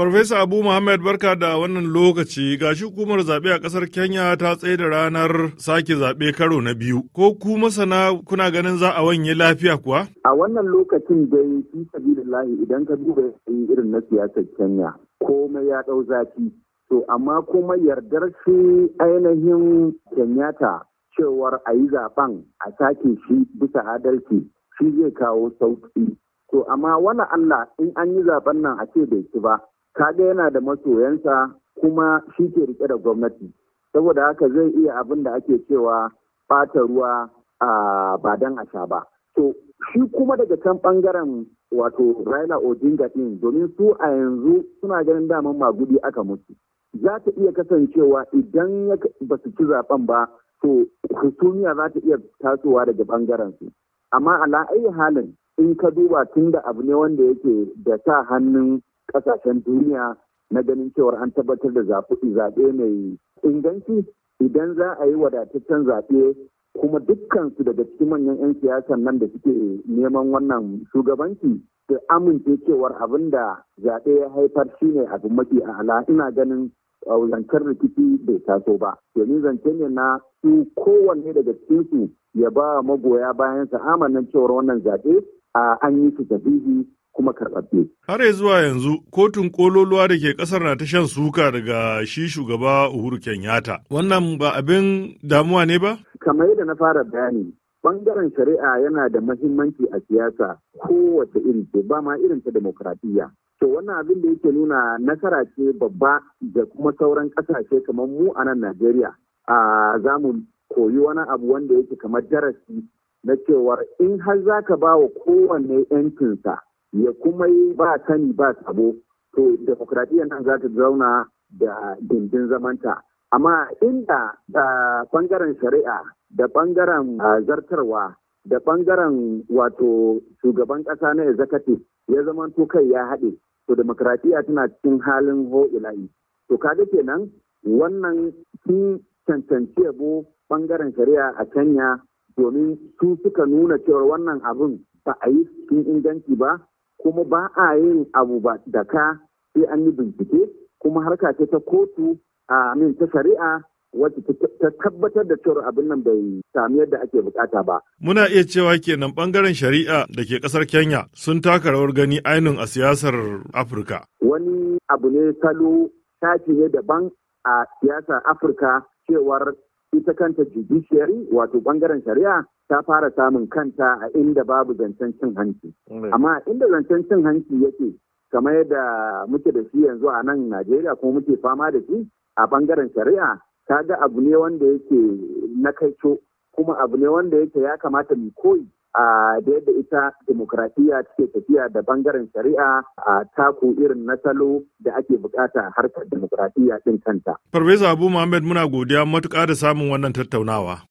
Farfesa Abu Muhammad barka da wannan lokaci gashi hukumar zaɓe a ƙasar Kenya ta tsaye da ranar sake zaɓe karo na biyu. Ko ku masana kuna ganin za a wanye lafiya kuwa? A wannan lokacin dai fi sabilillahi idan ka duba irin na siyasar Kenya komai ya ɗau zafi. To amma kuma yardar shi ainihin Kenyatta cewar a yi zaɓen a sake shi bisa adalci shi zai kawo sauƙi. To amma wani Allah in an yi zaɓen nan a ce bai ci ba kaga yana da masoyansa kuma shi ke rike da gwamnati saboda haka zai iya abin da ake cewa bata ruwa ba dan a sha ba to shi kuma daga can ɓangaren wato raila odinga din domin su a yanzu suna ganin daman magudi aka mutu za ta iya kasancewa idan ba su ci zaben ba to husumiya za ta iya tasowa daga ɓangaren su amma ala halin in ka duba tun da abu ne wanda yake da sa hannun kasashen duniya na ganin cewar an tabbatar da zaɓe mai inganci idan za a yi wadataccen zaɓe kuma dukkansu daga cikin manyan 'yan siyasan nan da suke neman wannan shugabanci da amince cewar abin da zaɓe ya haifar shine abin mafi ala ina ganin uh, zancen rikici bai taso ba domin zance ne na su kowanne daga cikinsu ya ba magoya bayan sa amanin cewar wannan zaɓe a uh, an yi su tafihi kuma karɓaɓɓe. Har zuwa yanzu kotun kololuwa da ke ƙasar na ta shan suka daga shi shugaba Uhuru Kenyatta. Wannan ba abin damuwa ne ba? Kamar yadda na fara bayani, ɓangaren shari'a yana da mahimmanci a siyasa kowace irin ce ba ma irin ta demokradiyya. To wannan abin da yake nuna nasara ce babba da kuma sauran ƙasashe kamar mu a nan Najeriya. A za mu koyi wani abu wanda yake kamar darasi na cewa in har zaka ka ba wa kowanne 'yancinsa ya kuma yi ba sani ba sabo to demokradiyya nan za ta zauna da dindin zamanta amma inda da bangaren shari'a da bangaren zartarwa da bangaren wato shugaban ƙasa na ya zakate, ya zama to kai ya haɗe to demokradiyya tana cikin halin hoilayi ila'i to kaga kenan wannan sun cancanci yabo bangaren shari'a a kenya domin su suka nuna cewar wannan abin ba a yi cikin inganci ba kuma ba a yin abu ba da ka sai an yi bincike kuma harka ce ta kotu a min ta shari'a wacce ta tabbatar da cewar abin nan bai sami yadda ake bukata ba. Muna iya cewa kenan bangaren shari'a da ke kasar Kenya sun taka rawar gani ainun a siyasar Afirka. Wani abu ne salo taki ne daban a siyasar Afirka cewar ita kanta judiciary wato bangaren shari'a ta fara samun kanta a inda babu zancen cin hanci. Amma inda zancen cin hanci yake kamar yadda muke da shi yanzu a nan Najeriya kuma muke fama da shi a bangaren shari'a ta ga abu ne wanda yake na kaico kuma abu ne wanda yake ya kamata mu koyi a da yadda ita demokradiyya take tafiya da bangaren shari'a a taku irin na salo da ake bukata harkar demokradiyya din kanta. Farfesa Abu Muhammad muna godiya matuƙa da samun wannan tattaunawa.